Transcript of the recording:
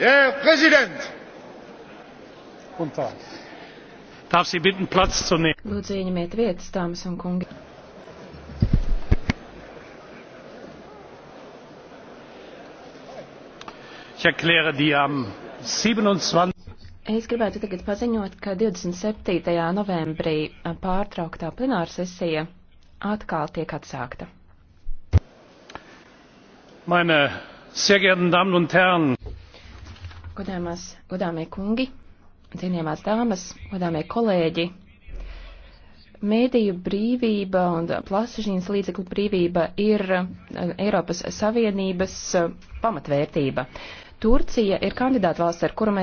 herr präsident! darf sie bitten platz zu nehmen? lūdzu ieņemiet vietas dāmas un kungi. ich erkläre die am 27. Es gribētu tagad paziņot, ka 27. novembrī pārtrauktā plenārsesija atkal tiek atsākta. Meine sehr geehrten Damen und Herren! Godāmās, godāmie kungi, cienījamās dāmas, godāmie kolēģi, mēdīju brīvība un plasažīnas līdzekļu brīvība ir e, Eiropas Savienības e, pamatvērtība. Turcija ir kandidāta valsts, ar kuru mēs.